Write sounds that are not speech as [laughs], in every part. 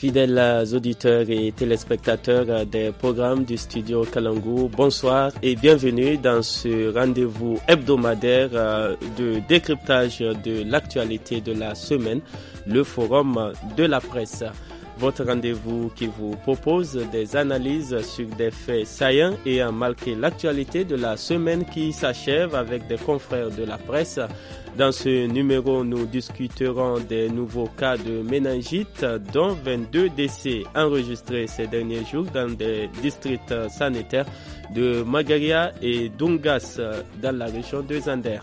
Fidèles auditeurs et téléspectateurs des programmes du studio Kalangu, bonsoir et bienvenue dans ce rendez-vous hebdomadaire euh, de décryptage de l'actualité de la semaine, le forum de la presse votre rendez-vous qui vous propose des analyses sur des faits saillants et a marqué l'actualité de la semaine qui s'achève avec des confrères de la presse. Dans ce numéro, nous discuterons des nouveaux cas de méningite, dont 22 décès enregistrés ces derniers jours dans des districts sanitaires de Magaria et Dungas dans la région de Zander.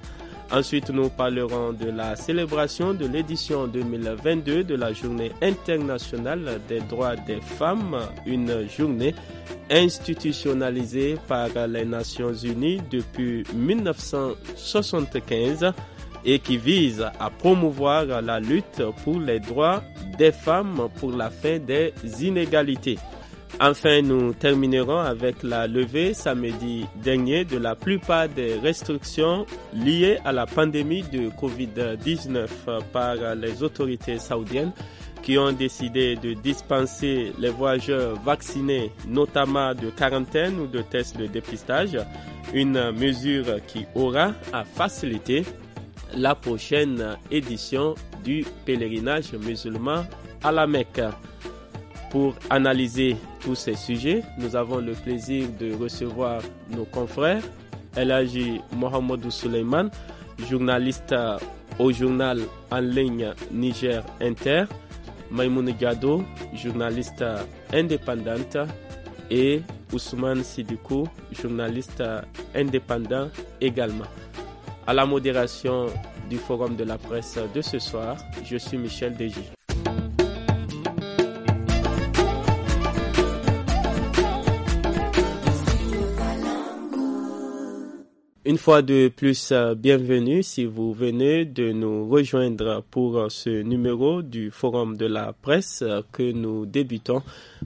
Ensuite, nous parlerons de la célébration de l'édition 2022 de la Journée internationale des droits des femmes, une journée institutionnalisée par les Nations Unies depuis 1975 et qui vise à promouvoir la lutte pour les droits des femmes pour la fin des inégalités. Enfin, nous terminerons avec la levée samedi dernier de la plupart des restrictions liées à la pandémie de Covid-19 par les autorités saoudiennes qui ont décidé de dispenser les voyageurs vaccinés, notamment de quarantaine ou de tests de dépistage, une mesure qui aura à faciliter la prochaine édition du pèlerinage musulman à la Mecque. Pour analyser tous ces sujets, nous avons le plaisir de recevoir nos confrères Elhaji Mohamedou Suleiman, journaliste au journal en ligne Niger Inter, Maïmoun Gado, journaliste indépendante, et Ousmane Sidikou, journaliste indépendant également. À la modération du Forum de la presse de ce soir, je suis Michel Deji. Une fois de plus, euh, bienvenue si vous venez de nous rejoindre pour euh, ce numéro du Forum de la presse euh, que nous débutons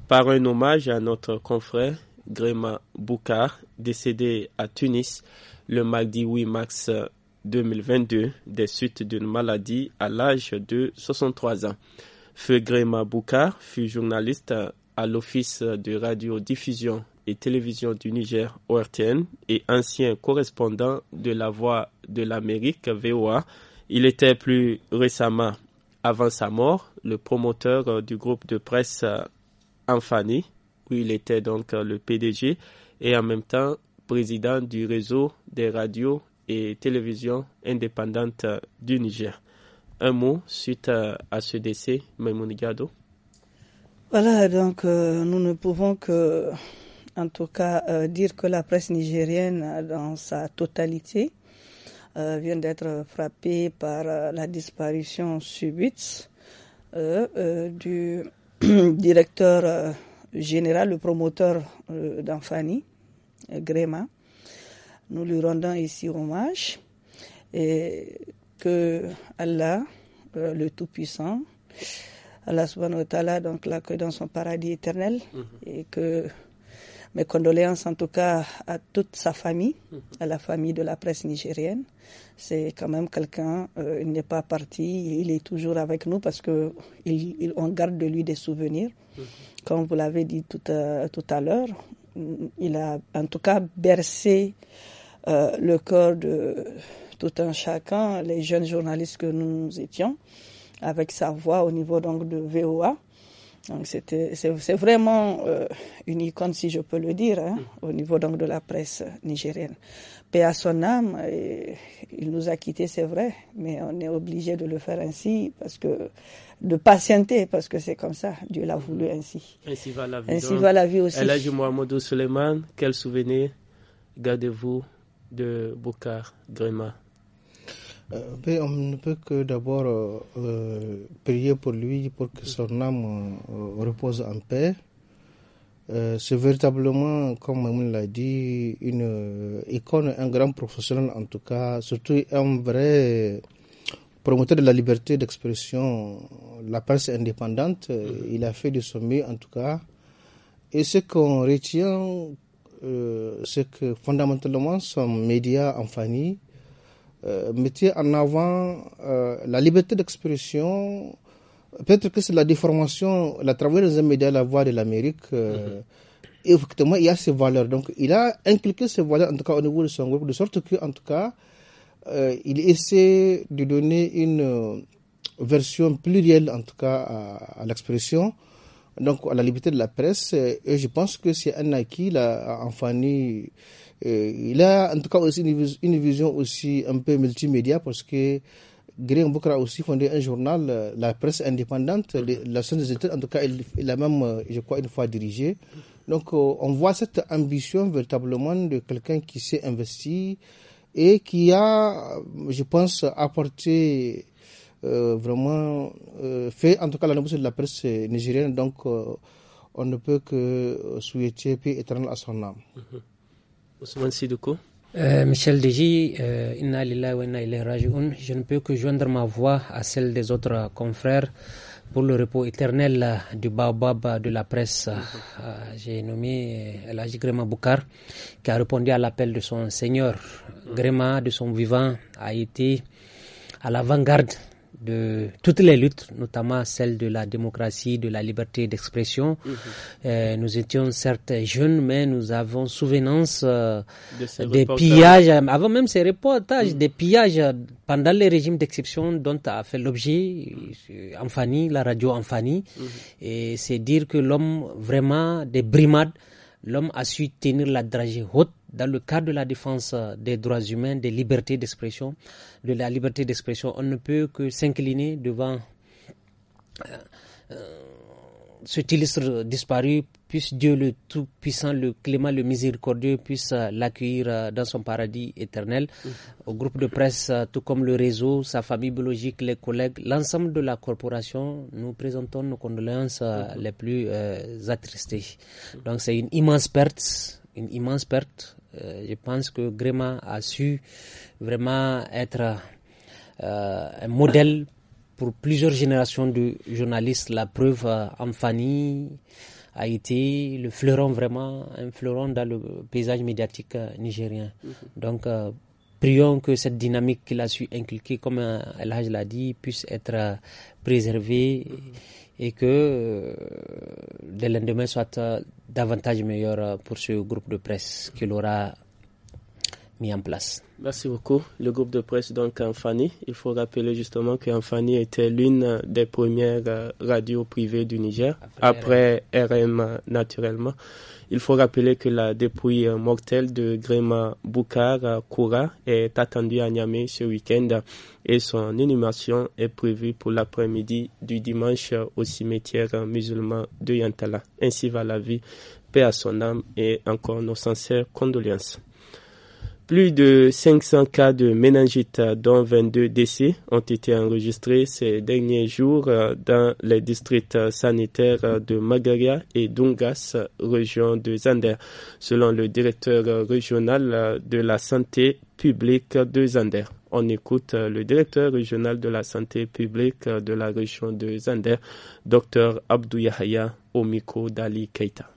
par un hommage à notre confrère Gréma Boukar, décédé à Tunis le mardi 8 mars 2022 des suites d'une maladie à l'âge de 63 ans. Feu Gréma Boukar fut journaliste à l'Office de radiodiffusion Télévision du Niger, ORTN, et ancien correspondant de la Voix de l'Amérique, VOA. Il était plus récemment, avant sa mort, le promoteur euh, du groupe de presse Anfani, euh, où il était donc euh, le PDG, et en même temps président du réseau des radios et télévisions indépendantes du Niger. Un mot suite à, ce décès, Maimoun Gado. Voilà, donc nous ne pouvons que en tout cas, euh, dire que la presse nigérienne, euh, dans sa totalité, euh, vient d'être frappée par la disparition subite du [clears throat] directeur général, le promoteur d'Anfani, Gréma. Nous lui rendons ici hommage et que Allah, le Tout-Puissant, Allah subhanahu wa ta'ala, donc là, dans son paradis éternel mhm. et que mes condoléances en tout cas à toute sa famille, à la famille de la presse nigérienne. C'est quand même quelqu'un, euh, il n'est pas parti, il est toujours avec nous parce que on garde de lui des souvenirs. Comme vous l'avez dit tout à, euh, tout à l'heure, il a en tout cas bercé euh, le corps de tout un chacun, les jeunes journalistes que nous étions, avec sa voix au niveau donc de VOA. Donc c'était, c'est, vraiment euh, une icône, si je peux le dire, hein, mm. au niveau donc de la presse nigérienne. Paix à son âme, il nous a quittés, c'est vrai, mais on est obligé de le faire ainsi parce que de patienter parce que c'est comme ça, Dieu l'a voulu ainsi. Ainsi va la vie. Ainsi va la vie aussi. Mohamedou Suleiman, quel souvenir gardez-vous de Bokar Grima? Euh, on ne peut que d'abord euh, euh, prier pour lui, pour que son âme repose en paix. c'est véritablement, comme Mamoun l'a dit, une icône, un grand professionnel en tout cas, surtout un vrai promoteur de la liberté d'expression, la presse indépendante. Mm-hmm. Il a fait du sommet en tout cas. Et ce qu'on retient, c'est que fondamentalement, son média en famille, euh, mettait en avant euh, la liberté d'expression. Peut-être que c'est la déformation, la travers des médias, la voix de l'Amérique. Euh, mm-hmm. Effectivement, il y a ces valeurs. Donc, il a inculqué ces valeurs, en tout cas au niveau de son groupe, de sorte qu'en tout cas, il essaie de donner une version plurielle, en tout cas, à, l'expression donc à la liberté de la presse. Et je pense que c'est un acquis, la en il a en tout cas aussi une, vision aussi un peu multimédia parce que Green a aussi fondé un journal, euh, la presse indépendante, la scène des en tout cas, il l'a même, euh, je crois, une fois dirigé. Donc, euh, on voit cette ambition véritablement de quelqu'un qui s'est investi et qui a, je pense, apporté vraiment, fait en tout cas la de la presse nigérienne. Donc, on ne peut que souhaiter paix éternelle à son âme. Mm-hmm. Euh, Michel euh, je ne peux que joindre ma voix à celle des autres confrères pour le repos éternel du baobab de la presse. Euh, j'ai nommé Elhaji Gréma Boukar qui a répondu à l'appel de son Seigneur. Mm. Gréma, de son vivant, a été à l'avant-garde de toutes les luttes, notamment celle de la démocratie, de la liberté d'expression. Mhm. Euh, nous étions certes jeunes, mais nous avons souvenance euh, des pillages, euh, avant même ces reportages, mhm. des pillages euh, pendant les régimes d'exception dont a fait l'objet Amfani, la radio Amfani. Mhm. Et c'est dire que l'homme, vraiment, des brimades, l'homme a su tenir la dragée haute dans le cadre de la défense des droits humains, des libertés d'expression, de la liberté d'expression, on ne peut que s'incliner devant euh, euh, ce illustre disparu, puisse Dieu le Tout-Puissant, le Clément, le Miséricordieux, puisse euh, l'accueillir dans son paradis éternel. Mm. Au groupe de presse, tout comme le réseau, sa famille biologique, les collègues, l'ensemble de la corporation, nous présentons nos condoléances les plus attristées. Donc c'est une immense perte, une immense perte euh, je pense que Gréma a su vraiment être euh, un modèle pour plusieurs générations de journalistes. La preuve, en euh, Fanny a été le fleuron vraiment, un fleuron dans le paysage médiatique nigérien. Mhm. Donc, prions que cette dynamique qu'il a su inculquer, comme El l'a dit, puisse être préservée et que euh, dès le lendemain soit euh, davantage meilleur euh, pour ce groupe de presse qu'il aura en place. Merci beaucoup. Le groupe de presse, donc Anfani, il faut rappeler justement qu'Anfani était l'une des premières euh, radios privées du Niger, après, RM. naturellement. Il faut rappeler que la dépouille mortelle de Grima Boukar euh, Koura est attendue à Niamey ce week-end et son inhumation est prévue pour l'après-midi du dimanche au cimetière musulman de Yantala. Ainsi va la vie, paix à son âme et encore nos sincères condoléances. Plus de 500 cas de méningite, dont 22 décès, ont été enregistrés ces derniers jours euh, dans les districts sanitaires de Magaria et d'Ungas, région de Zander, selon le directeur régional de la santé publique de Zander. On écoute le directeur régional de la santé publique de la région de Zander, Dr Abdou Yahya Omiko Dali Keita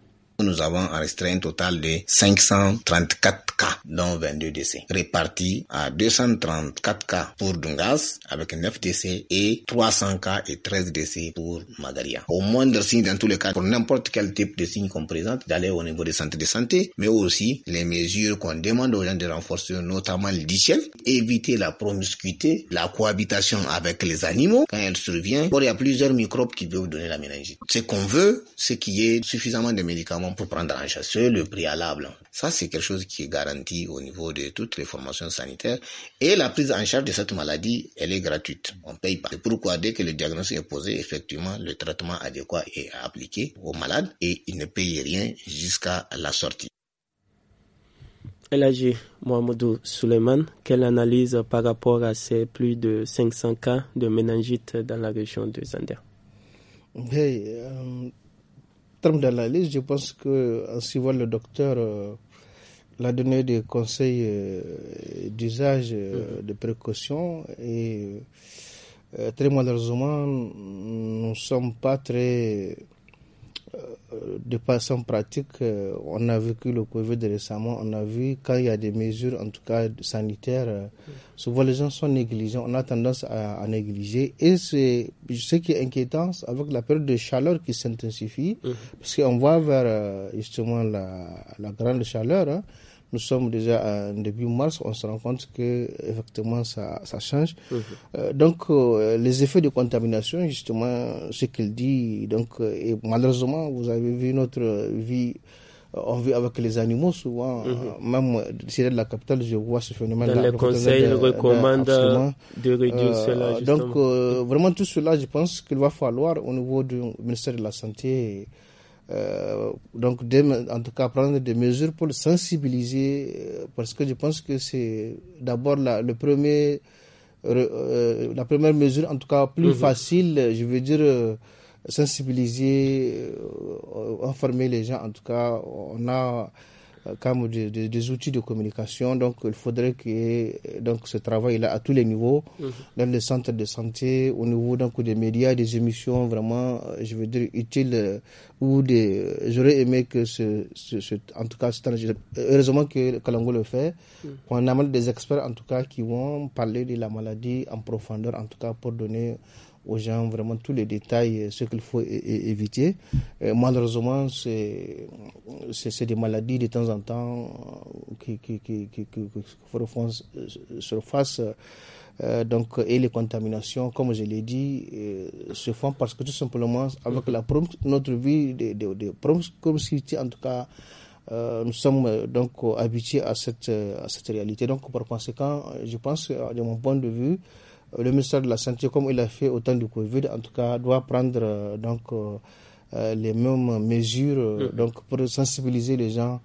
nous avons enregistré un total de 534 cas, dont 22 décès, répartis à 234 cas pour Dungas avec 9 décès et 300 cas et 13 décès pour Magaria. Au moindre signe, dans tous les cas, pour n'importe quel type de signe qu'on présente, d'aller au niveau des centres de santé, mais aussi les mesures qu'on demande aux gens de renforcer, notamment l'hygiène, éviter la promiscuité, la cohabitation avec les animaux quand elle survient. il y a plusieurs microbes qui peuvent donner la méningite. Ce qu'on veut, c'est qu'il y ait suffisamment de médicaments pour prendre en charge le préalable. Ça, c'est quelque chose qui est garanti au niveau de toutes les formations sanitaires. Et la prise en charge de cette maladie, elle est gratuite. On paye pas. C'est pourquoi dès que le diagnostic est posé, effectivement, le traitement adéquat est appliqué au malade et il ne paye rien jusqu'à la sortie. Elagi Mohamedou Suleiman, quelle analyse par rapport à ces plus de 500 cas de méningite dans la région de Zander? Hey, euh, termes d'analyse, je pense que si suivant le docteur, euh, l'a donné des conseils euh, d'usage, euh, mhm. de précaution et très malheureusement, nous ne sommes pas très de façon pratique, euh, on a vécu le Covid récemment, on a vu quand il y a des mesures, en tout cas sanitaires, euh, souvent les gens sont négligents, on a tendance à, négliger. Et c'est ce qui est inquiétant avec la période de chaleur qui s'intensifie, mmh. parce qu'on voit vers euh, justement la, grande chaleur. Hein, nous sommes déjà en début mars, on se rend compte que effectivement ça, change. Mhm. Euh, donc euh, les effets de contamination, justement, ce qu'il dit, donc euh, et malheureusement, vous avez vu notre vie en vie avec les animaux souvent. Mhm. Même si de la capitale, je vois ce phénomène-là. Les conseils recommande de, réduire cela. Justement. Donc, vraiment, tout cela, je pense qu'il va falloir, au niveau du ministère de la Santé, euh, donc, en tout cas, prendre des mesures pour sensibiliser, euh, parce que je pense que c'est d'abord la, le premier, euh, la première mesure, en tout cas plus mhm. facile, je veux dire, sensibiliser, informer les gens. En tout cas, on a euh, comme des, outils de communication. Donc, il faudrait que euh, donc ce travail là à tous les niveaux, mhm. dans les centres de santé, au niveau des médias, des émissions vraiment, euh, je veux dire utiles ou des. J'aurais aimé que ce, en tout cas, heureusement que Kalango le fait, mhm. qu'on amène des experts en tout cas qui vont parler de la maladie en profondeur, en tout cas pour donner aux gens vraiment tous les détails, euh, ce qu'il faut éviter. Euh, malheureusement, c'est des maladies de temps en temps euh, qui, qui, font surface. donc, et les contaminations, comme je l'ai dit, se font parce que tout simplement, avec la notre vie de, promiscuité, en tout cas, nous sommes donc habitués à cette, à cette réalité. Donc, par conséquent, je pense, de mon point de vue, le ministère de la Santé, comme il a fait au temps du Covid, en tout cas, doit prendre euh, donc, euh, euh, les mêmes mesures mm. donc, pour sensibiliser les gens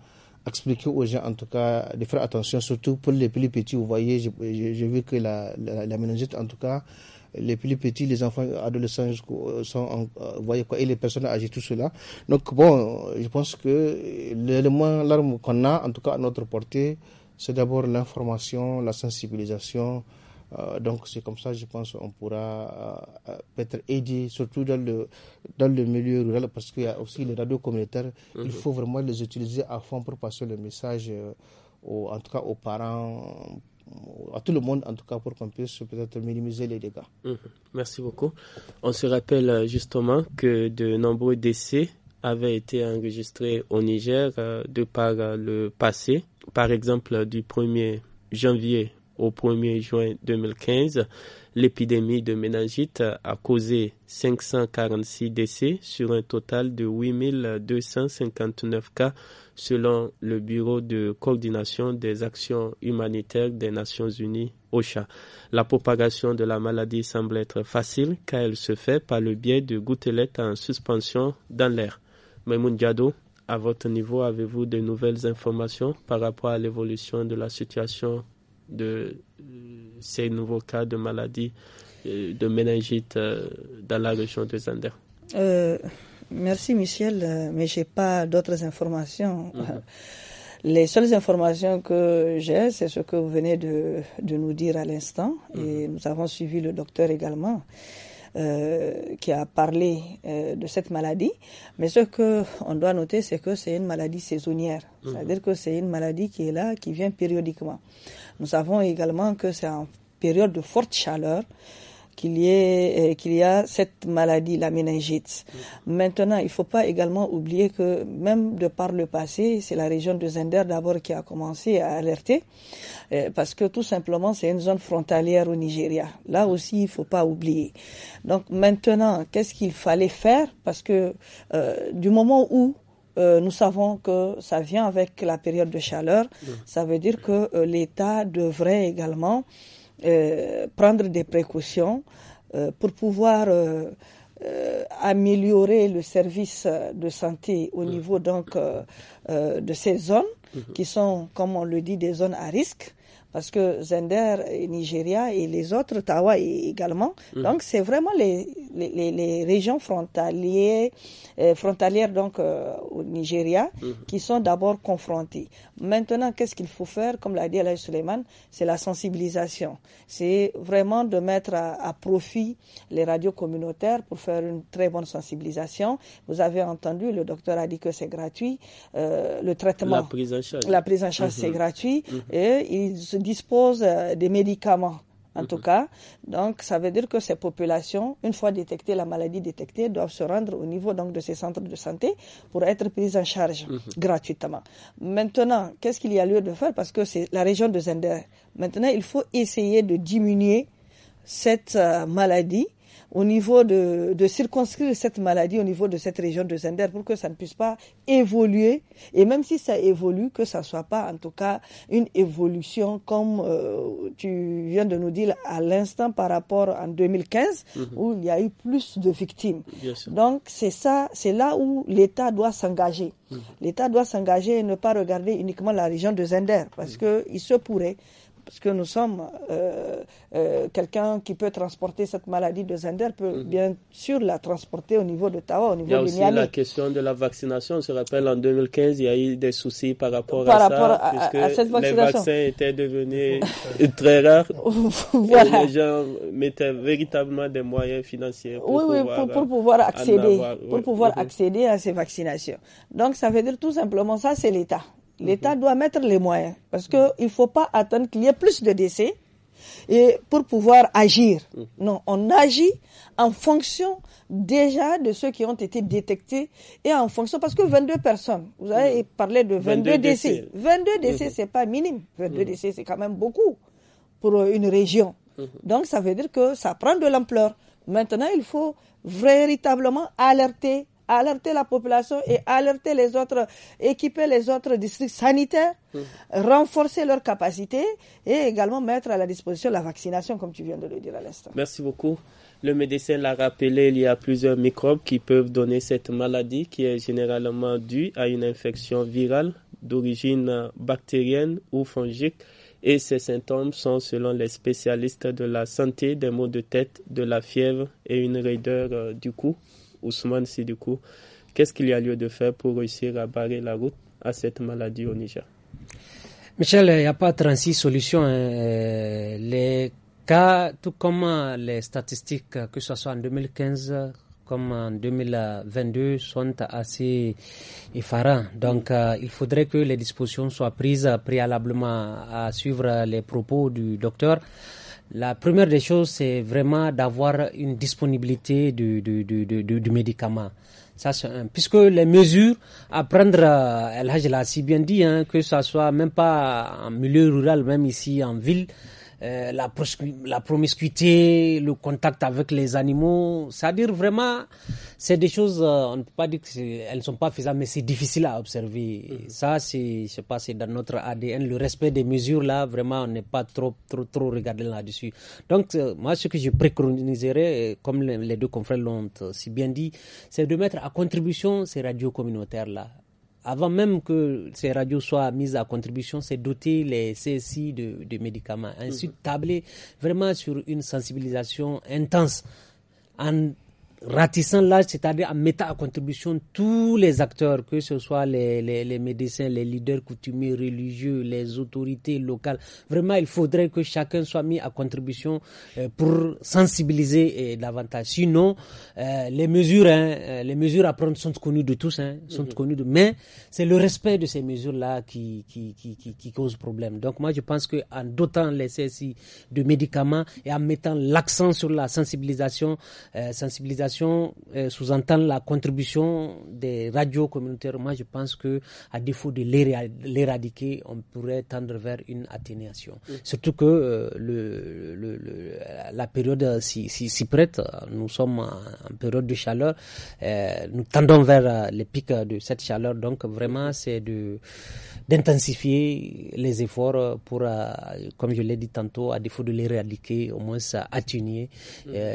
expliquer aux gens, en tout cas, de faire attention, surtout pour les plus petits. Vous voyez, j'ai vu que la, la, en tout cas, les plus petits, les enfants, adolescents, sont, voyez et les personnes âgées, tout cela. Donc, bon, je pense que l'élément, l'arme qu'on a, en tout cas, à notre portée, c'est d'abord l'information, la sensibilisation, euh, donc c'est comme ça, je pense, on pourra euh, euh, être aider, surtout dans le, dans le milieu rural, parce qu'il y a aussi les radios communautaires. Il mhm. faut vraiment les utiliser à fond pour passer le message, en tout cas aux parents, à tout le monde, en tout cas, pour qu'on puisse peut-être minimiser les dégâts. Mhm. Merci beaucoup. On se rappelle justement que de nombreux décès avaient été enregistrés au Niger de par le passé. Par exemple, du 1er janvier au 1er juin 2015, l'épidémie de méningite a causé 546 décès sur un total de 8259 cas selon le Bureau de coordination des actions humanitaires des Nations Unies OCHA. La propagation de la maladie semble être facile car elle se fait par le biais de gouttelettes en suspension dans l'air. Mais Diado, à votre niveau, avez-vous de nouvelles informations par rapport à l'évolution de la situation de euh, ces nouveaux cas de maladie de méningite euh, dans la région de Zander. Euh, merci Michel, mais je n'ai pas d'autres informations. Mhm. [laughs] Les seules informations que j'ai, c'est ce que vous venez de, nous dire à l'instant. Et mhm. nous avons suivi le docteur également. Euh, qui a parlé euh, de cette maladie. Mais ce qu'on doit noter, c'est que c'est une maladie saisonnière, mhm. c'est-à-dire que c'est une maladie qui est là, qui vient périodiquement. Nous savons également que c'est en période de forte chaleur qu'il y ait, euh, qu'il y a cette maladie, la méningite. Maintenant, il ne faut pas également oublier que même de par le passé, c'est la région de Zender d'abord qui a commencé à alerter, euh, parce que tout simplement, c'est une zone frontalière au Nigeria. Là aussi, il ne faut pas oublier. Donc maintenant, qu'est-ce qu'il fallait faire Parce que euh, du moment où nous savons que ça vient avec la période de chaleur. Ça veut dire que l'État devrait également euh, prendre des précautions euh, pour pouvoir euh, améliorer le service de santé au niveau donc de ces zones mm-hmm. qui sont, comme on le dit, des zones à risque parce que Zender, Nigeria et les autres, Tawa également. Mm. Donc, c'est vraiment les, les, régions frontalières, euh, frontalières donc, euh, au Nigeria mm-hmm. qui sont d'abord confrontées. Maintenant, qu'est-ce qu'il faut faire Comme l'a dit Alain Suleiman, c'est la sensibilisation. C'est vraiment de mettre à, profit les radios communautaires pour faire une très bonne sensibilisation. Vous avez entendu, le docteur a dit que c'est gratuit. Euh, le traitement. La prise en charge. La prise en charge, mm-hmm. c'est gratuit. Mm-hmm. Et ils dispose euh, des médicaments en tout mhm. cas. Donc, ça veut dire que ces populations, une fois détectées, la maladie détectée, doivent se rendre au niveau donc, de ces centres de santé pour être prises en charge mhm. gratuitement. Maintenant, qu'est-ce qu'il y a lieu de faire Parce que c'est la région de Zender. Maintenant, il faut essayer de diminuer cette euh, maladie au niveau de, circonscrire cette maladie au niveau de cette région de Zender pour que ça ne puisse pas évoluer. Et même si ça évolue, que ça ne soit pas en tout cas une évolution comme euh, tu viens de nous dire à l'instant par rapport en 2015 mhm. où il y a eu plus de victimes. Donc c'est ça, c'est là où l'État doit s'engager. Mhm. L'État doit s'engager et ne pas regarder uniquement la région de Zender parce mhm. qu'il se pourrait parce que nous sommes euh, euh, quelqu'un qui peut transporter cette maladie de Zender peut mhm. bien sûr la transporter au niveau de d'Ottawa, au niveau de Miami. Il y a aussi la question de la vaccination. On se rappelle en 2015, il y a eu des soucis par rapport à ça, à, puisque à cette vaccination. les vaccins étaient devenus [laughs] euh, très rares. [laughs] les gens mettaient véritablement des moyens financiers pour, pouvoir, oui, pour, pouvoir, accéder, pour pouvoir mhm. accéder à ces vaccinations. Donc ça veut dire tout simplement ça, c'est l'État. L'État doit mettre les moyens parce qu'il mhm. ne faut pas attendre qu'il y ait plus de décès et pour pouvoir agir. Mhm. Non, on agit en fonction déjà de ceux qui ont été détectés et en fonction, parce que 22 personnes, vous avez mhm. parlé de 22, décès. 22 décès, ce n'est pas minime. 22 décès, c'est quand même beaucoup pour une région. Donc, ça veut dire que ça prend de l'ampleur. Maintenant, il faut véritablement alerter alerter la population et alerter les autres, équiper les autres districts sanitaires, mmh. renforcer leurs capacités et également mettre à la disposition la vaccination, comme tu viens de le dire à l'instant. Merci beaucoup. Le médecin l'a rappelé, il y a plusieurs microbes qui peuvent donner cette maladie qui est généralement due à une infection virale d'origine bactérienne ou fongique et ces symptômes sont, selon les spécialistes de la santé, des maux de tête, de la fièvre et une raideur euh, du cou. Ousmane coup, Qu'est-ce qu'il y a lieu de faire pour réussir à barrer la route à cette maladie au Niger Michel, il n'y a pas 36 solutions. Hein. Euh, les cas, tout comme euh, les statistiques, euh, que ce soit en 2015, comme en 2022 sont assez effarants. Donc, il faudrait que les dispositions soient prises préalablement à suivre les propos du docteur. La première des choses, c'est vraiment d'avoir une disponibilité de du, Ça, puisque les mesures à prendre, euh, El Hajj si bien dit, hein, que ce soit même pas en milieu rural, même ici en ville, euh, la, promiscuité, le contact avec les animaux. C'est-à-dire vraiment, c'est des choses, euh, on ne peut pas dire qu'elles ne sont pas faisables, mais c'est difficile à observer. Mm. Ça, c'est, sais pas, c'est dans notre ADN. Le respect des mesures, là, vraiment, on n'est pas trop, trop, trop regardé là-dessus. Donc, euh, moi, ce que je préconiserais, comme les deux confrères l'ont si bien dit, c'est de mettre à contribution ces radios communautaires-là avant même que ces radios soient mises à contribution, c'est doter les CSI de, de médicaments. Ensuite, mhm. tabler vraiment sur une sensibilisation intense ratissant l'âge, c'est-à-dire en mettant à contribution tous les acteurs, que ce soit les, les, les, médecins, les leaders coutumiers religieux, les autorités locales. Vraiment, il faudrait que chacun soit mis à contribution euh, pour sensibiliser et euh, davantage. Sinon, euh, les mesures, hein, les mesures à prendre sont connues de tous, hein, sont mhm. connues de, mais c'est le respect de ces mesures-là qui qui, qui, qui, qui, cause problème. Donc moi, je pense que en dotant les CSI de médicaments et en mettant l'accent sur la sensibilisation, sensibilisation euh, sous-entend la contribution des radios communautaires. Moi, je pense que à défaut de l'éradiquer, on pourrait tendre vers une atténuation. Surtout que euh, le, la période s'y si, si, prête. Nous sommes en, période de chaleur. Euh, nous tendons vers les pics de cette chaleur. Donc, vraiment, c'est de d'intensifier les efforts pour, comme je l'ai dit tantôt, à défaut de l'éradiquer, au moins atténuer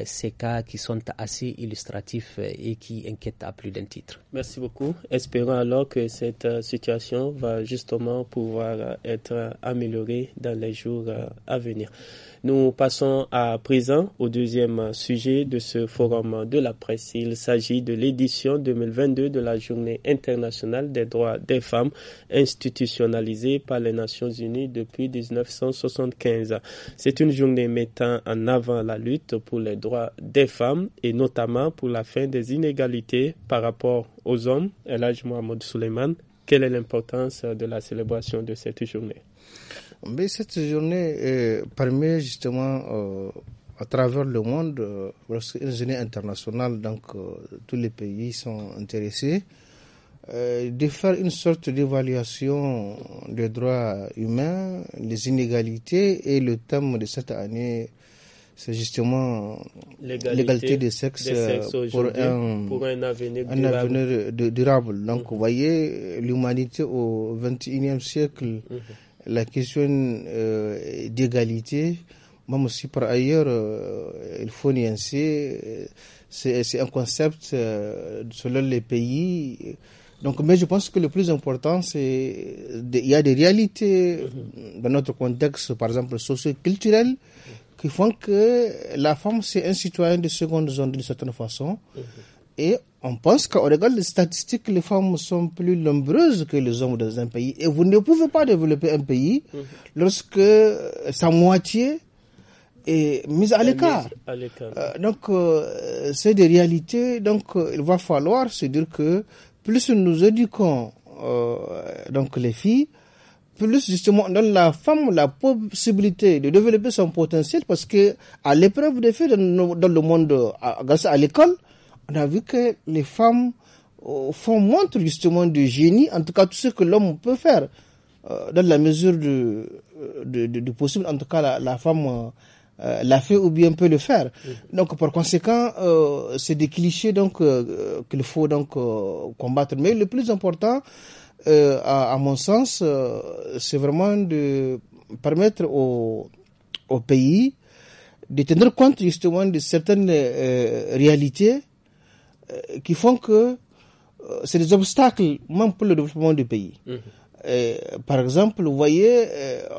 ces cas qui sont assez illustratif euh, et qui inquiète à plus d'un titre. Merci beaucoup. Espérons alors que cette euh, situation va justement pouvoir euh, être améliorée dans les jours à venir. Nous passons à présent au deuxième sujet de ce forum de la presse. Il s'agit de l'édition 2022 de la Journée internationale des droits des femmes institutionnalisée par les Nations Unies depuis 1975. C'est une journée mettant en avant la lutte pour les droits des femmes et notamment pour la fin des inégalités par rapport aux hommes. Elhaj Mohamed Suleiman, quelle est l'importance de la célébration de cette journée mais cette journée permet justement euh, à travers le monde, parce euh, que une journée internationale, donc euh, tous les pays sont intéressés, de faire une sorte d'évaluation des droits humains, les inégalités et le thème de cette année, c'est justement l'égalité des sexes, pour, un, avenir durable. Donc, mhm. vous voyez, l'humanité au XXIe siècle. Mhm la question euh, d'égalité, même si par ailleurs, euh, il faut ainsi, euh, c'est un concept selon les pays. Donc, mais je pense que le plus important, c'est il y a des réalités dans notre contexte, par exemple, socio-culturel, qui font que la femme, c'est un citoyen de seconde zone d'une certaine façon. Et on pense qu'au regard des statistiques, les femmes sont plus nombreuses que les hommes dans un pays. Et vous ne pouvez pas développer un pays mhm. lorsque euh, sa moitié est mise à l'écart. Euh, donc, euh, c'est des réalités. Donc, il va falloir se dire que plus nous éduquons donc les filles, plus justement on donne la femme la possibilité de développer son potentiel parce que à l'épreuve des faits dans, le monde, grâce à l'école, on a vu que les femmes euh, font montre justement de génie, en tout cas tout ce que l'homme peut faire, euh, dans la mesure du, euh, de, de, possible, en tout cas la, la femme euh, l'a fait ou bien peut le faire. Mm. Donc par conséquent, c'est des clichés donc qu'il faut donc combattre. Mais le plus important, à, à, mon sens, c'est vraiment de permettre au, au pays de tenir compte justement de certaines réalités euh, qui font que euh, c'est des obstacles même pour le développement du pays. Mhm. Euh, par exemple, vous voyez,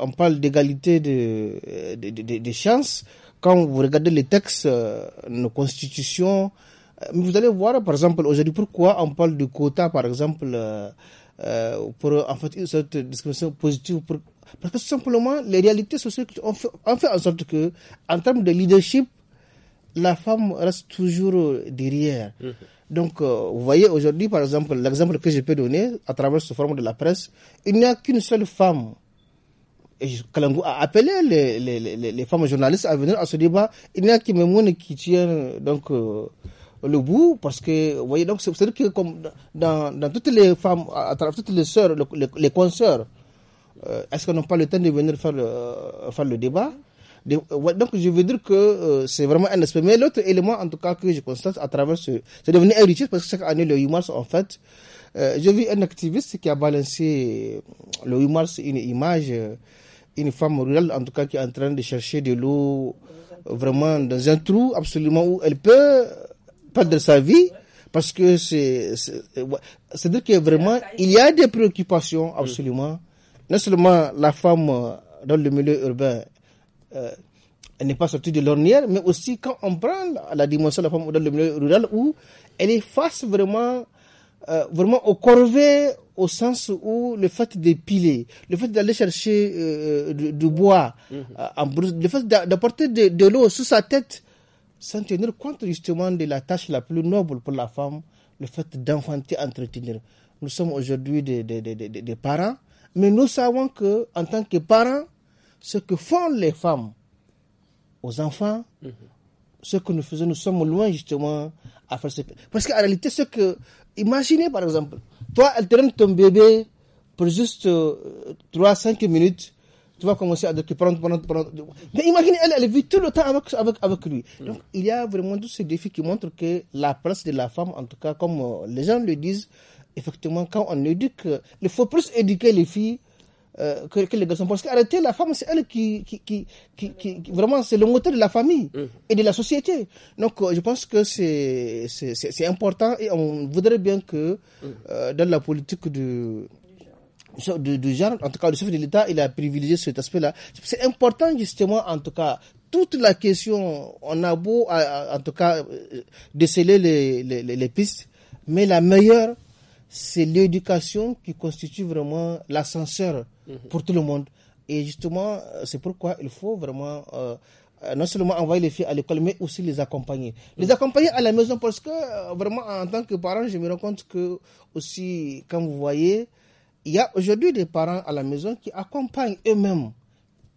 on parle d'égalité des de, chances. Quand vous regardez les textes, nos constitutions, vous allez voir, par exemple, aujourd'hui, pourquoi on parle de quotas, par exemple, pour en fait une sorte de discrimination positive. parce que tout simplement, les réalités sociales ont fait, fait en sorte que, en termes de leadership, la femme reste toujours derrière. Donc, euh, vous voyez aujourd'hui, par exemple, l'exemple que je peux donner à travers ce forum de la presse, il n'y a qu'une seule femme. Et Kalangou a appelé les, les, les, femmes journalistes à venir à ce débat. Il n'y a que Memoun qui tient donc, euh, le bout, parce que, vous voyez, donc, c'est-à-dire que comme dans, dans, toutes les femmes, à, travers toutes les sœurs, les, les consoeurs, euh, est-ce qu'elles n'ont pas le temps de venir faire faire le débat euh, donc, je veux dire que euh, c'est vraiment un aspect. Mais l'autre élément, en tout cas, que je constate à travers ce. C'est devenu un parce que chaque année, le 8 mars, en fait, euh, j'ai vu un activiste qui a balancé le 8 mars une image, une femme rurale, en tout cas, qui est en train de chercher de l'eau vraiment dans un trou, absolument où elle peut perdre sa vie parce que c'est c'est dire que vraiment il y a des préoccupations absolument non seulement la femme dans le milieu urbain euh, elle n'est pas sortie de l'ornière, mais aussi quand on prend la dimension de la femme dans le milieu rural où elle est face vraiment, euh, vraiment au corvée au sens où le fait d'épiler, le fait d'aller chercher euh, du, bois mhm. le fait d'apporter de, l'eau sous sa tête sans tenir compte justement de la tâche la plus noble pour la femme, le fait d'enfanter, entretenir. Nous sommes aujourd'hui des, des, des, des parents, mais nous savons que en tant que parents, ce que font les femmes aux enfants, mhm. ce que nous faisons, nous sommes loin justement à faire ce... Parce qu'en réalité, ce que... Imaginez par exemple, toi, elle donne ton bébé pour juste 3-5 euh, minutes, tu vas commencer à te prendre, prendre, prendre. Mais imaginez, elle, elle vit tout le temps avec, avec, avec lui. Mhm. Donc, il y a vraiment tous ces défis qui montrent que la place de la femme, en tout cas, comme euh, les gens le disent, effectivement, quand on éduque, il faut plus éduquer les filles euh, que, que, les garçons. Parce qu'arrêter la femme, c'est elle qui, qui, qui, vraiment, c'est le moteur de la famille mhm. et de la société. Donc, euh, je pense que c'est, c'est, important et on voudrait bien que euh, dans la politique du, du, genre, en tout cas, le chef de l'État, il a privilégié cet aspect-là. C'est important, justement, en tout cas, toute la question, on a beau, en tout cas, déceler les, les, les pistes, mais la meilleure, c'est l'éducation qui constitue vraiment l'ascenseur mhm. pour tout le monde. Et justement, euh, c'est pourquoi il faut vraiment euh, euh, non seulement envoyer les filles à l'école, mais aussi les accompagner. Mhm. Les accompagner à la maison parce que vraiment, en tant que parent, je me rends compte que aussi, comme vous voyez, il y a aujourd'hui des parents à la maison qui accompagnent eux-mêmes.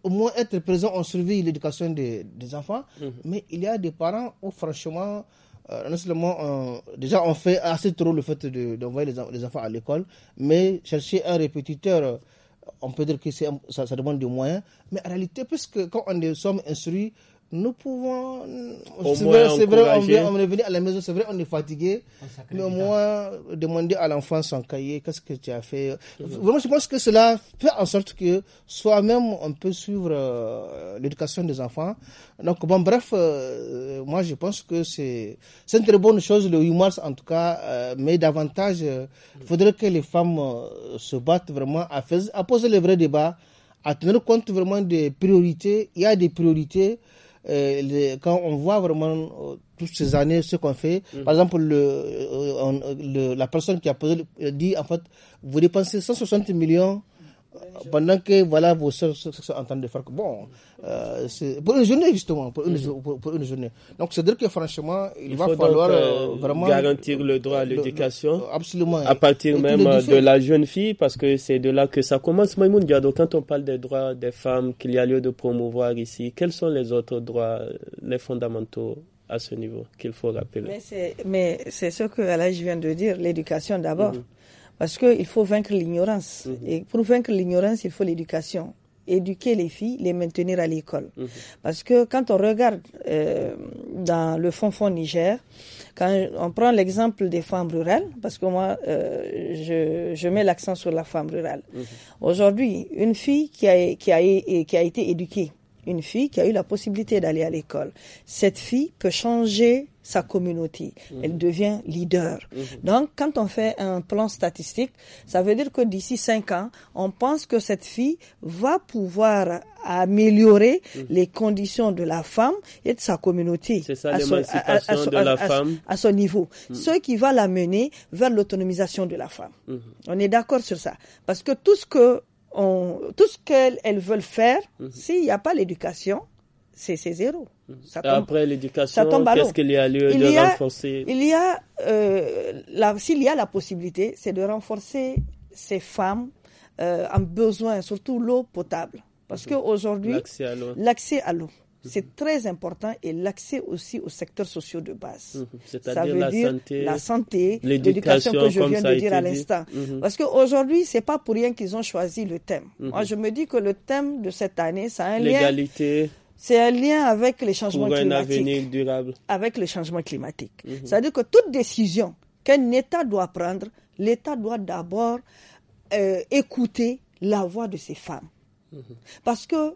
Au moins être présents, survie et l'éducation des, enfants, mhm. mais il y a des parents où franchement, euh, euh, déjà on fait assez trop le fait d'envoyer les, les, enfants à l'école, mais chercher un répétiteur, euh, on peut dire que ça, demande des moyens. Mais en réalité, puisque quand on est sommes instruits, nous pouvons. C'est vrai, on, on, est venu à la maison, c'est vrai, on est fatigué, mais au moins demander à l'enfant son cahier, qu'est-ce que tu as fait. Vraiment, je pense que cela fait en sorte que soi-même, on peut suivre euh, l'éducation des enfants. Donc, bon, bref, euh, moi, je pense que c'est une très bonne chose, le 8 mars en tout cas, euh, mais davantage, il faudrait que les femmes se battent vraiment à, à poser les vrais débats, à tenir compte vraiment des priorités. Il y a des priorités. Euh, quand on voit vraiment euh, toutes ces années ce qu'on fait, mhm. par exemple, euh, le, la personne qui a posé dit en fait, vous dépensez 160 millions ah, pendant que voilà vos soeurs sont en train de faire bon euh, pour une journée justement pour une, journée donc c'est dire que franchement il, va falloir euh, euh, vraiment garantir le droit à l'éducation absolument à partir même de la jeune fille parce que c'est de là que ça commence Maïmoun Diado quand on parle des droits des femmes qu'il y a lieu de promouvoir ici quels sont les autres droits les fondamentaux à ce niveau qu'il faut rappeler mais c'est ce que là je viens de dire l'éducation d'abord mhm. Parce qu'il faut vaincre l'ignorance. Mhm. Et pour vaincre l'ignorance, il faut l'éducation. Éduquer les filles, les maintenir à l'école. Mhm. Parce que quand on regarde euh, dans le fond fond Niger, quand on prend l'exemple des femmes rurales, parce que moi, euh, je, mets l'accent sur la femme rurale. Mhm. Aujourd'hui, une fille qui, a, qui a été éduquée, une fille qui a eu la possibilité d'aller à l'école. Cette fille peut changer sa communauté. Mhm. Elle devient leader. Mhm. Donc, quand on fait un plan statistique, ça veut dire que d'ici cinq ans, on pense que cette fille va pouvoir améliorer mhm. les conditions de la femme et de sa communauté. C'est ça, l'émancipation de la femme. à, son niveau. Ce qui va l'amener vers l'autonomisation de la femme. On est d'accord sur ça. Parce que tout ce que tout ce qu'elles veulent faire, mhm. s'il n'y a pas l'éducation, c'est zéro. Mhm. Après l'éducation, qu'est-ce qu'il y a lieu de renforcer Il y a, euh, s'il y a la possibilité, c'est de renforcer ces femmes euh, en besoin, surtout l'eau potable. Parce mhm. qu'aujourd'hui, l'accès à l'eau. C'est mhm. très important et l'accès aussi aux secteurs sociaux de base. Mhm. Ça veut dire la santé, l'éducation que je viens de dire à l'instant. Mhm. Parce qu'aujourd'hui, c'est pas pour rien qu'ils ont choisi le thème. Moi, je me dis que le thème de cette année, ça a un L'égalité. C'est un lien avec les changements pour climatiques. Un avenir durable. Avec le changement climatiques. C'est-à-dire que toute décision qu'un État doit prendre, l'État doit d'abord euh, écouter la voix de ses femmes. Parce que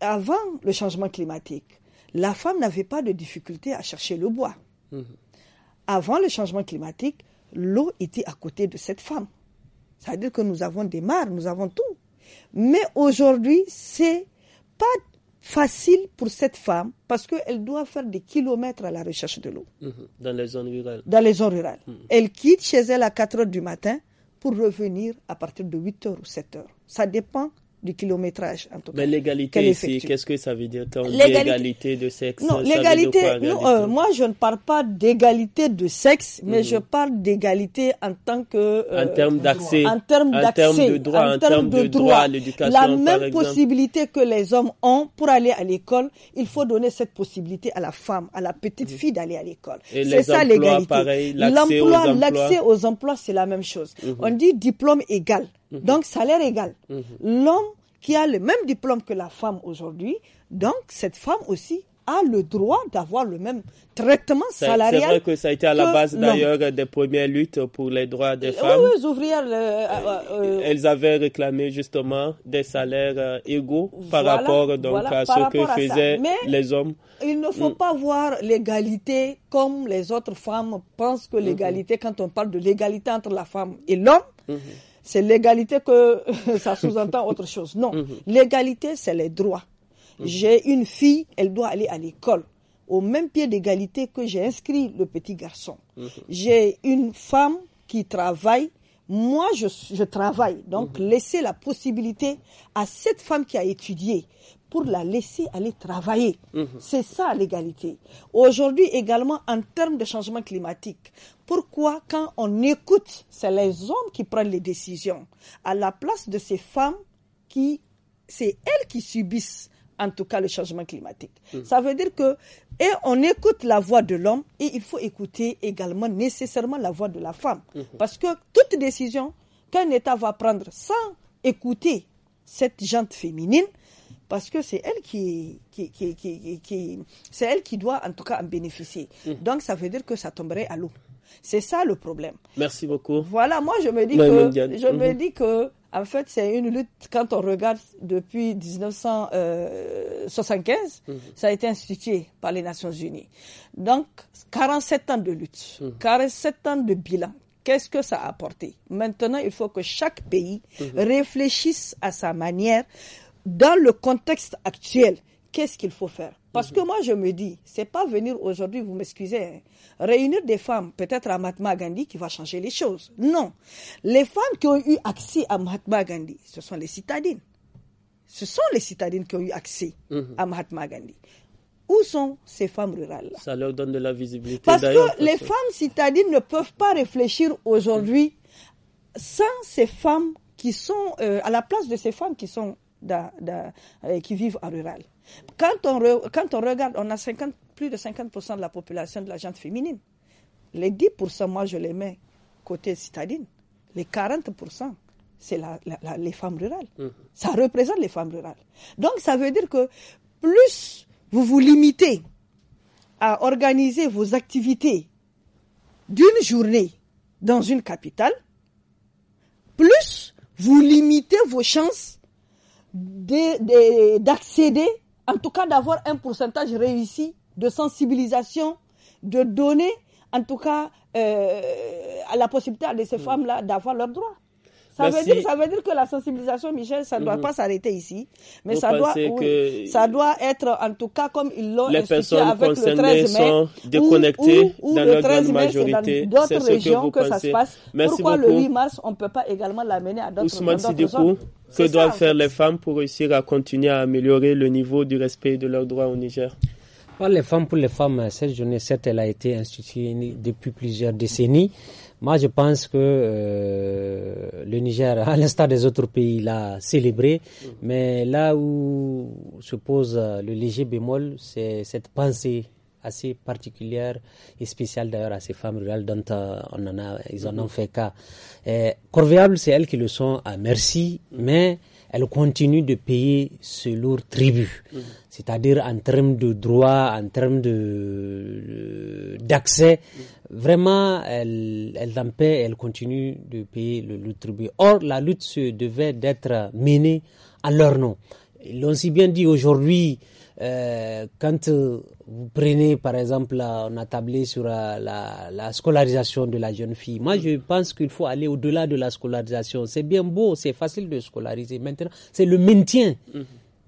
avant le changement climatique, la femme n'avait pas de difficulté à chercher le bois. Mhm. Avant le changement climatique, l'eau était à côté de cette femme. cest à dire que nous avons des mares, nous avons tout. Mais aujourd'hui, c'est pas facile pour cette femme parce qu'elle doit faire des kilomètres à la recherche de l'eau. Mhm. Dans les zones rurales. Dans les zones rurales. Mhm. Elle quitte chez elle à 4 heures du matin pour revenir à partir de 8 heures ou 7 heures. Ça dépend du kilométrage, en tout cas. Mais l'égalité qu'est-ce que ça veut dire l'égalité de sexe Non, l'égalité, euh, moi je ne parle pas d'égalité de sexe, mais je mhm. parle d'égalité en tant que... Euh, en termes d'accès. En termes d'accès. En termes de droit, en, termes de, l'éducation. La même possibilité que les hommes ont pour aller à l'école, il faut donner cette possibilité à la femme, à la petite mhm. fille d'aller à l'école. C'est ça l'égalité. L'emploi, l'accès aux emplois, c'est la même chose. Mhm. On dit diplôme égal. Mhm. Donc, salaire égal. Mhm. L'homme qui a le même diplôme que la femme aujourd'hui, donc cette femme aussi a le droit d'avoir le même traitement salarial. C'est vrai que ça a été à la base d'ailleurs des premières luttes pour les droits des femmes. Oui, les ouvrières. Euh, euh, euh, Elles avaient réclamé justement des salaires égaux par rapport donc à ce que faisaient les hommes. Il ne faut mm. pas voir l'égalité comme les autres femmes pensent que mm-hmm. l'égalité, quand on parle de l'égalité entre la femme et l'homme, mm-hmm c'est l'égalité que [laughs] ça sous-entend autre chose. Non, mhm. l'égalité, c'est les droits. Mhm. J'ai une fille, elle doit aller à l'école au même pied d'égalité que j'ai inscrit le petit garçon. Mhm. J'ai une femme qui travaille. Moi, je, travaille. Donc, laisser la possibilité à cette femme qui a étudié, pour la laisser aller travailler. Mhm. C'est ça l'égalité. Aujourd'hui également, en termes de changement climatique, pourquoi quand on écoute, c'est les hommes qui prennent les décisions, à la place de ces femmes qui, c'est elles qui subissent en tout cas le changement climatique. Mhm. Ça veut dire que et on écoute la voix de l'homme et il faut écouter également nécessairement la voix de la femme mhm. parce que toute décision qu'un État va prendre sans écouter cette gente féminine, parce que c'est elle qui, c'est elle qui doit en tout cas en bénéficier. Mm. Donc ça veut dire que ça tomberait à l'eau. C'est ça le problème. Merci beaucoup. Voilà, moi je me dis que je me mm-hmm. dis que en fait, c'est une lutte, quand on regarde depuis 1975, euh, mm-hmm. ça a été institué par les Nations Unies. Donc, 47 ans de lutte, 47 mm. ans de bilan, qu'est-ce que ça a apporté Maintenant, il faut que chaque pays mm-hmm. réfléchisse à sa manière dans le contexte actuel, qu'est-ce qu'il faut faire Parce mhm. que moi, je me dis, c'est pas venir aujourd'hui, vous m'excusez, hein, réunir des femmes, peut-être à Mahatma Gandhi, qui va changer les choses. Non. Les femmes qui ont eu accès à Mahatma Gandhi, ce sont les citadines. Ce sont les citadines qui ont eu accès mhm. à Mahatma Gandhi. Où sont ces femmes rurales Ça leur donne de la visibilité. Parce que les femmes citadines ne peuvent pas réfléchir aujourd'hui mhm. sans ces femmes qui sont euh, à la place de ces femmes qui sont euh, qui vivent en rural. Quand on, quand on regarde, on a plus de 50% de la population de la gente féminine. Les 10%, moi, je les mets côté citadine. Les 40%, c'est les femmes rurales. Mmh. Ça représente les femmes rurales. Donc, ça veut dire que plus vous vous limitez à organiser vos activités d'une journée dans une capitale, plus vous limitez vos chances d'accéder, en tout cas d'avoir un pourcentage réussi de sensibilisation, de donner en tout cas euh, à la possibilité de ces mm. femmes-là d'avoir leurs droits. Ça, veut dire, que la sensibilisation, Michel, ça ne doit mhm. pas s'arrêter ici, mais ça doit, ça doit être, en tout cas, comme ils l'ont expliqué avec le 13 mai, sont déconnectées ou, dans le 13 mai, majorité. dans d'autres régions que, ça se passe. Pourquoi le 8 mars, on ne peut pas également l'amener à d'autres régions que doivent faire les femmes pour réussir à continuer à améliorer le niveau du respect de leurs droits au Niger Pour les femmes, pour les femmes, cette journée, certes, elle a été instituée depuis plusieurs décennies. Moi, je pense que euh, le Niger, [laughs] à l'instar des autres pays, l'a célébré. Mm. Mais là où se pose euh, le léger bémol, c'est cette pensée assez particulière et spéciale d'ailleurs à ces femmes rurales dont euh, on en a, ils en mm-hmm. ont fait cas. Et, corvéables, c'est elles qui le sont à merci, mm. mais elle continue de payer ce lourd tribut. Mhm. C'est-à-dire en termes de droits, en termes de, euh, d'accès, vraiment, elle, elle en elle continue de payer le lourd tribut. Or, la lutte se devait d'être menée à leur nom. Ils l'ont bien dit aujourd'hui, euh, quand euh, vous prenez, par exemple, euh, on a tablé sur la, scolarisation de la jeune fille. Moi, je pense qu'il faut aller au-delà de la scolarisation. C'est bien beau, c'est facile de scolariser. Maintenant, c'est le maintien.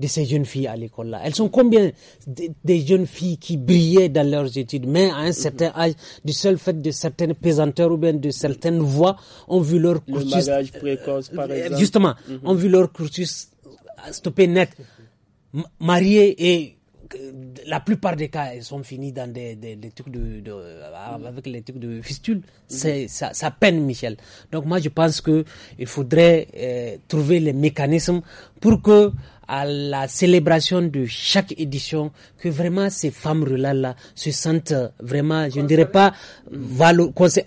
de ces jeunes filles à l'école-là. Elles sont combien des jeunes filles qui brillaient dans leurs études, mais à un certain mhm. âge, du seul fait de certaines pesanteurs ou bien de certaines voix, ont vu leur cursus... Le précoce, par exemple. Justement, mhm. ont vu leur cursus stopper net mariées et la plupart des cas, elles sont finies dans des, des, des trucs de, de euh, avec les trucs de fistules. Mhm. C'est ça, ça, peine, Michel. Donc moi, je pense que il faudrait euh, trouver les mécanismes pour que à la célébration de chaque édition, que vraiment ces femmes rurales là se sentent vraiment, je ne dirais pas,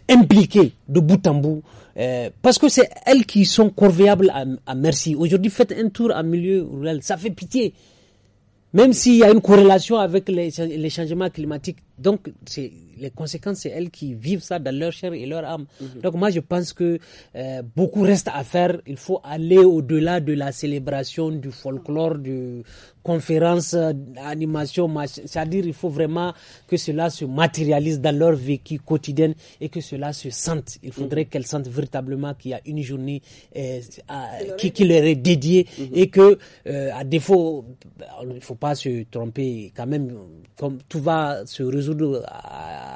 impliquées de bout en bout. Euh, parce que c'est elles qui sont corvéables à, à merci. Aujourd'hui, faites un tour en milieu rural, ça fait pitié même s'il y a une corrélation avec les, les changements climatiques donc, les conséquences, c'est elles qui vivent ça dans leur chair et leur âme. Mhm. Donc, moi, je pense que euh, beaucoup reste à faire. Il faut aller au-delà de la célébration, du folklore, de conférence, animation, c'est-à-dire il faut vraiment que cela se matérialise dans leur vécu quotidienne et que cela se sente. Il mhm. faudrait qu'elles sentent véritablement qu'il y a une journée euh, qui, qui, leur est dédiée mhm. et que, euh, à défaut, bah, il ne faut pas se tromper quand même, comme tout va se résoudre euh,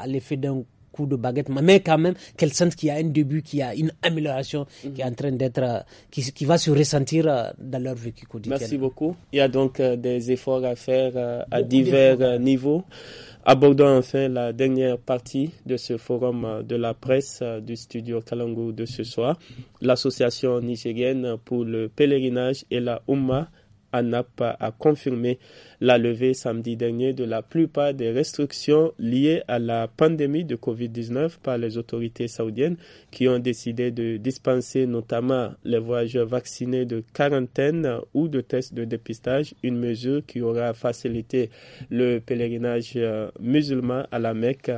à l'effet d'un coup de baguette, mais quand même qu'elle sentent qu'il y a un début, qu'il y a une amélioration qui est en train d'être, euh, qui, qui, va se ressentir euh, dans leur vécu quotidien. Merci beaucoup. Il y a donc des efforts à faire à divers niveaux. Abordons enfin la dernière partie de ce forum de la presse du studio Kalongo de ce soir. L'association nigérienne pour le pèlerinage et la Oumma ANAP a confirmé la levée samedi dernier de la plupart des restrictions liées à la pandémie de COVID-19 par les autorités saoudiennes qui ont décidé de dispenser notamment les voyageurs vaccinés de quarantaine ou de tests de dépistage, une mesure qui aura facilité le pèlerinage euh, musulman à la Mecque.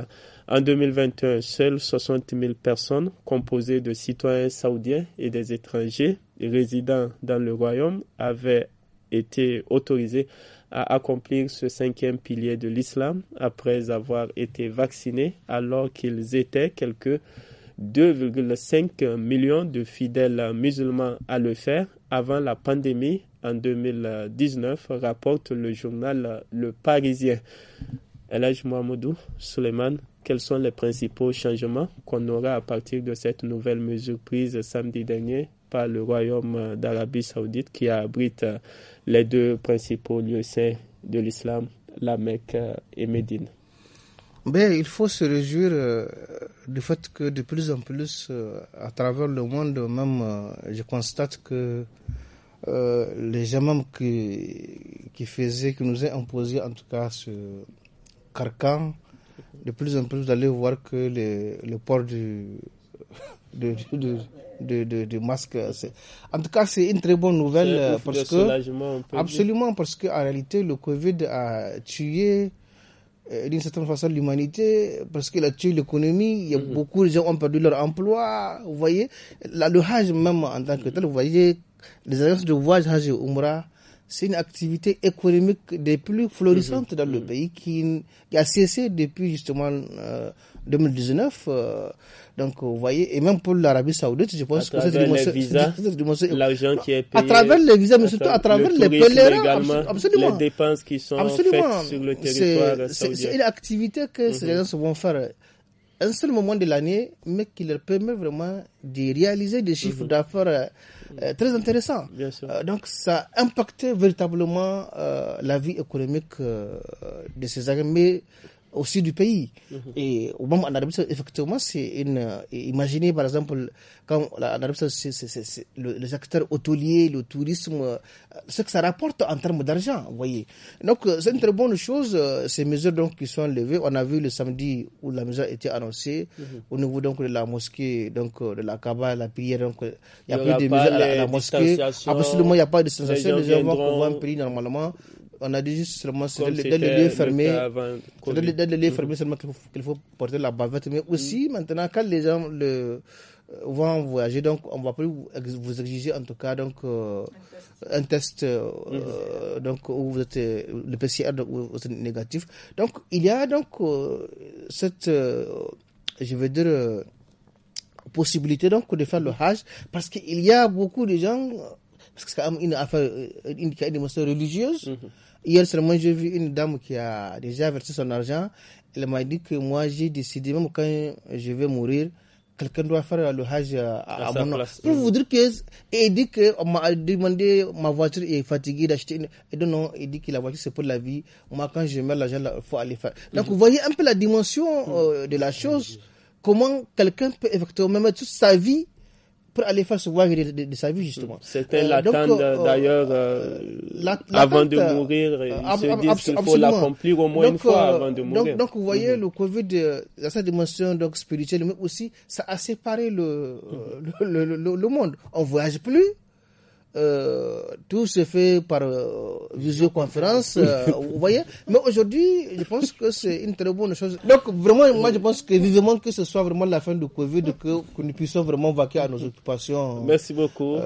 En 2021, seules 60 000 personnes, composées de citoyens saoudiens et des étrangers résidant dans le royaume, avaient été autorisés à accomplir ce cinquième pilier de l'islam après avoir été vaccinés alors qu'ils étaient quelques 2,5 millions de fidèles musulmans à le faire avant la pandémie en 2019, rapporte le journal Le Parisien. Elage Mohamedou, Suleiman, quels sont les principaux changements qu'on aura à partir de cette nouvelle mesure prise samedi dernier le royaume euh, d'Arabie saoudite qui abrite euh, les deux principaux lieux saints de l'islam, la Mecque euh, et Médine. Ben, il faut se réjouir du fait que de plus en plus, à travers le monde même, je constate que les gens qui, faisaient, qui nous ont imposé en tout cas ce carcan, de plus en plus, vous allez voir que le port du, de, de, de, de, masques. En tout cas, c'est une très bonne nouvelle euh, parce que absolument parce parce qu'en réalité, le Covid a tué euh, d'une certaine façon l'humanité parce qu'il a tué l'économie. Il y a mhm. beaucoup de gens ont perdu leur emploi. Vous voyez, la, le Hajj même en tant que tel, vous voyez les agences de voyage Hajj et Umrah c'est une activité économique des plus florissantes dans le mhm. pays qui, a cessé depuis justement 2019. Euh, euh, donc, vous voyez, et même pour l'Arabie Saoudite, je pense à que c'est l'argent qui est payé. À travers les visas, mais surtout à travers les pèlerins. Absolument. Les dépenses qui sont faites sur le territoire saoudien. C'est une activité que mhm. ces gens vont faire un seul moment de l'année, mais qui leur permet vraiment de réaliser des chiffres mhm. d'affaires euh, euh, très intéressant. Euh, donc ça impactait véritablement euh, la vie économique de ces armées, aussi du pays. Mhm. Et au moment en Arabie effectivement, c'est une. Euh, imaginez par exemple, quand l'Arabie Saoudite, c'est le, acteurs secteur hôtelier, le tourisme, euh, ce que ça rapporte en termes d'argent, vous voyez. Donc, euh, c'est une très bonne chose, ces mesures donc, qui sont levées. On a vu le samedi où la mesure a été annoncée, mhm. au niveau donc, de la mosquée, donc, de la Kaaba, la prière. Donc, il n'y a, plus de mesures à la, mosquée. Absolument, il n'y a pas de sensation. Les gens vont un pays normalement on a dit juste seulement c'est dans les lieux mm-hmm. fermés. Dans les, seulement qu'il faut, porter la bavette. Mais aussi, mm. maintenant, quand les gens euh, vont voyager, donc on ne va plus vous exiger en tout cas donc, euh, un test, euh, mm-hmm. donc, où vous êtes, le PCR négatif. Donc il y a donc cette, je veux dire, possibilité donc de faire le mm-hmm. Hajj parce qu'il y a beaucoup de gens parce que c'est quand même une affaire, religieuse. Hier seulement, j'ai vu une dame qui a déjà versé son argent. Elle m'a dit que moi, j'ai décidé, même quand je vais mourir, quelqu'un doit faire le hajj à, mon nom. Pour vous mm. dire que, et dit qu'on m'a demandé, ma voiture est fatiguée d'acheter une. Et donc, non, il dit que la voiture, c'est pour la vie. Moi, quand je mets l'argent, il faut aller faire. Donc, vous mm-hmm. voyez un peu la dimension euh, de la chose. Mm-hmm. Comment quelqu'un peut effectivement mettre toute sa vie pour aller faire ce voyage de, sa vie, justement. Mm. C'était euh, l'attente, euh, d'ailleurs, euh, avant de mourir. Ils se disent qu'il faut l'accomplir au moins une fois avant de mourir. Donc, vous voyez, mm-hmm. le Covid, dans sa dimension donc, spirituelle, mais aussi, ça a séparé le, mm-hmm. le, le, le, le, monde. On voyage plus, euh, tout se fait par euh, visioconférence, euh, [laughs] vous voyez. Mais aujourd'hui, je pense que c'est une très bonne chose. Donc vraiment, moi, je pense que vivement que ce soit vraiment la fin du Covid, que, que nous puissions vraiment vaquer à nos occupations. Merci beaucoup.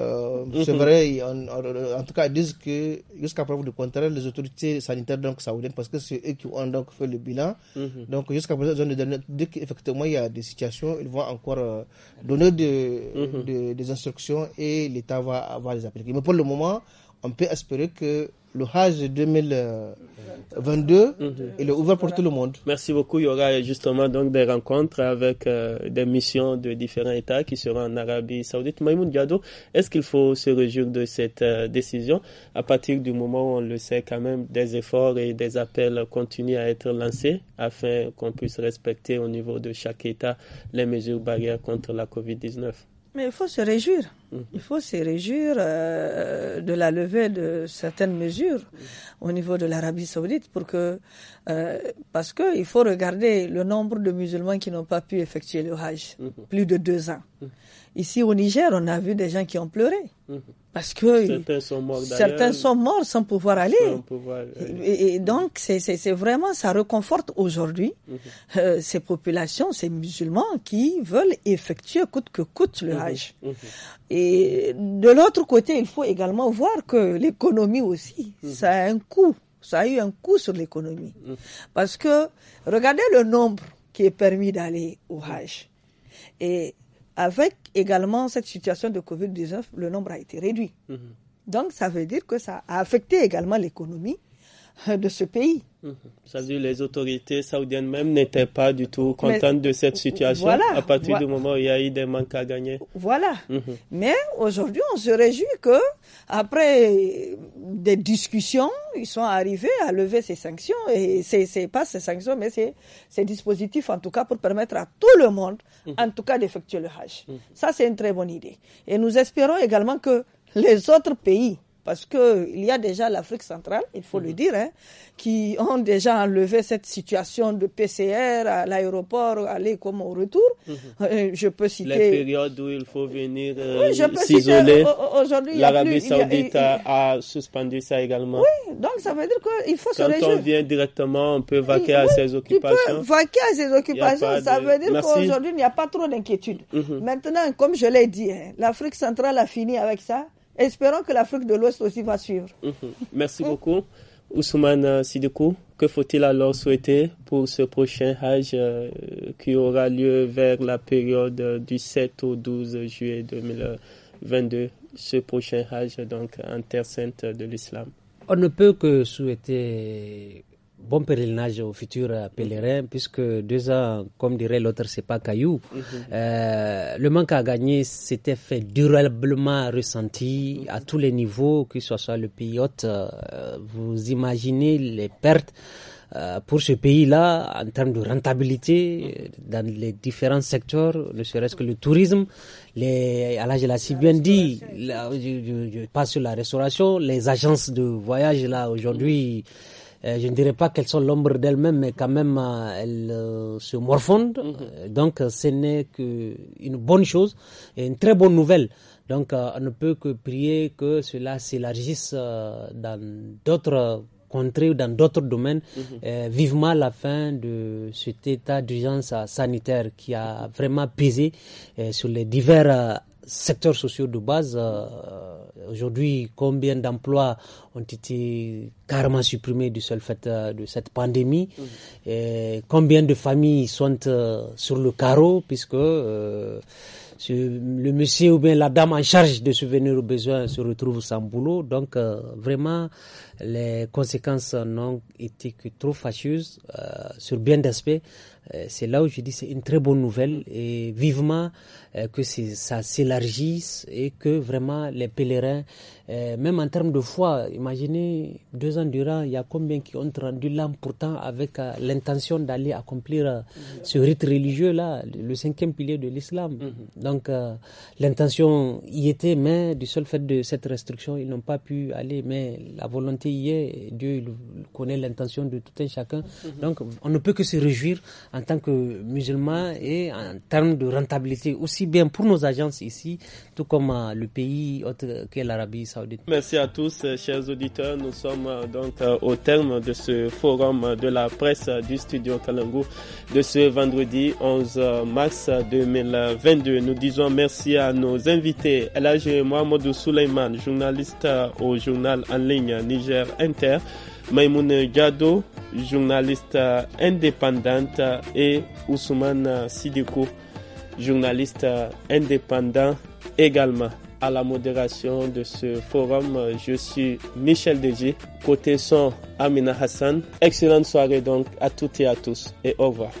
c'est vrai, en, tout cas, ils disent que jusqu'à preuve du contraire, les autorités sanitaires donc saoudiennes, parce que c'est eux qui ont donc fait le bilan. Mhm. Donc jusqu'à présent, dès qu'effectivement il y a des situations, ils vont encore donner mhm. de, des instructions et l'État va, avoir les appels. Mais pour le moment, on peut espérer que le Hajj 2022 il est ouvert pour tout le monde. Merci beaucoup. Il y aura justement donc des rencontres avec euh, des missions de différents États qui seront en Arabie Saoudite. Maïmoun Diado, est-ce qu'il faut se réjouir de cette euh, décision à partir du moment où on le sait quand même, des efforts et des appels continuent à être lancés afin qu'on puisse respecter au niveau de chaque État les mesures barrières contre la COVID-19? Mais il faut se réjouir. Mmh. Il faut se réjouir euh, de la levée de certaines mesures au niveau de l'Arabie saoudite pour que, euh, parce qu'il faut regarder le nombre de musulmans qui n'ont pas pu effectuer le Hajj, mmh. plus de deux ans. Mmh. Ici au Niger, on a vu des gens qui ont pleuré. Mhm. Parce que certains sont morts, certains sont morts sans pouvoir aller. Et, donc, c'est vraiment, ça reconforte aujourd'hui mhm. euh, ces populations, ces musulmans qui veulent effectuer coûte que coûte le mhm. Hajj. Et de l'autre côté, il faut également voir que l'économie aussi, ça a un coût. Ça a eu un coût sur l'économie. Parce que regardez le nombre qui est permis d'aller au Hajj. Et avec également cette situation de Covid-19, le nombre a été réduit. Mm-hmm. Donc, ça veut dire que ça a affecté également l'économie de ce pays. Mhm. Ça veut dire les autorités saoudiennes même n'étaient pas du tout contentes de cette situation à partir du moment où il y a eu des manques à gagner. Voilà. Mhm. Mais aujourd'hui, on se réjouit que après des discussions, ils sont arrivés à lever ces sanctions et c'est pas ces sanctions, mais c'est ces dispositifs en tout cas pour permettre à tout le monde, mhm. en tout cas, d'effectuer le Hajj. Ça, c'est une très bonne idée. Et nous espérons également que les autres pays parce qu'il y a déjà l'Afrique centrale, il faut le mhm. dire, hein, qui ont déjà enlevé cette situation de PCR à l'aéroport, aller comme au retour. Mhm. Euh, je peux citer... Les périodes où il faut venir euh, s'isoler. Euh, aujourd'hui, l'Arabie saoudite a, suspendu ça également. Oui, donc ça veut dire qu'il faut se réjouir. Quand on vient directement, on peut vaquer à ses occupations. Tu peux vaquer à ses occupations, ça veut dire qu'aujourd'hui, il n'y a pas trop d'inquiétude. Mhm. Maintenant, comme je l'ai dit, hein, l'Afrique centrale a fini avec ça. Espérons que l'Afrique de l'Ouest aussi va suivre. Mhm. Merci beaucoup. Ousmane euh, Sidikou, que faut-il alors souhaiter pour ce prochain Hajj euh, qui aura lieu vers la période euh, du 7 au 12 juillet 2022, ce prochain Hajj donc en terre sainte de l'islam On ne peut que souhaiter bon pèlerinage au futur pèlerin puisque deux ans, comme dirait l'autre, c'est pas caillou. Mhm. Euh, le manque à gagner s'était fait durablement ressenti mhm. à tous les niveaux, que ce soit le pays hôte. Euh, vous imaginez les pertes. Euh, pour ce pays-là, en termes de rentabilité, dans les différents secteurs, ne serait-ce que le tourisme, les, l'âge je l'ai si bien dit, je, passe sur la restauration, les agences de voyage là aujourd'hui, mhm. Euh, je ne dirais pas qu'elles sont l'ombre d'elles-mêmes, mais quand même, euh, elles euh, se morfondent. Mhm. Donc, ce n'est qu'une bonne chose et une très bonne nouvelle. Donc, on ne peut que prier que cela s'élargisse dans d'autres contrées ou dans d'autres domaines, mhm. vivement la fin de cet état d'urgence sanitaire qui a vraiment pesé sur les divers secteurs sociaux de base. Euh, euh, aujourd'hui, combien d'emplois ont été carrément supprimés du seul fait euh, de cette pandémie Et Combien de familles sont sur le carreau puisque le monsieur ou bien la dame en charge de subvenir aux besoins se retrouve sans boulot. Donc vraiment, les conséquences n'ont été que trop fâcheuses sur bien d'aspects. Euh, c'est là où je dis c'est une très bonne nouvelle et vivement euh, que ça s'élargisse et que vraiment les pèlerins, euh, même en termes de foi, imaginez deux ans durant, il y a combien qui ont rendu l'âme pourtant avec l'intention d'aller accomplir ce rite religieux-là, le cinquième pilier de l'islam. Mhm. Donc l'intention y était, mais du seul fait de cette restriction, ils n'ont pas pu aller, mais la volonté y est, Dieu il connaît l'intention de tout un chacun. Mhm. Donc on ne peut que se réjouir en tant que musulman et en termes de rentabilité, aussi bien pour nos agences ici, tout comme euh, le pays autre que l'Arabie saoudite. Merci à tous, euh, chers auditeurs. Nous sommes euh, donc au terme de ce forum de la presse du studio Kalangu de ce vendredi 11 mars 2022. Nous disons merci à nos invités, Elage Mohamedou Souleyman, journaliste au journal en ligne Niger Inter. Maïmoune Gado, journaliste indépendante, et Ousmane Sidiko, journaliste indépendant également. À la modération de ce forum, je suis Michel Deji, côté son Amina Hassan. Excellente soirée donc à toutes et à tous et au revoir.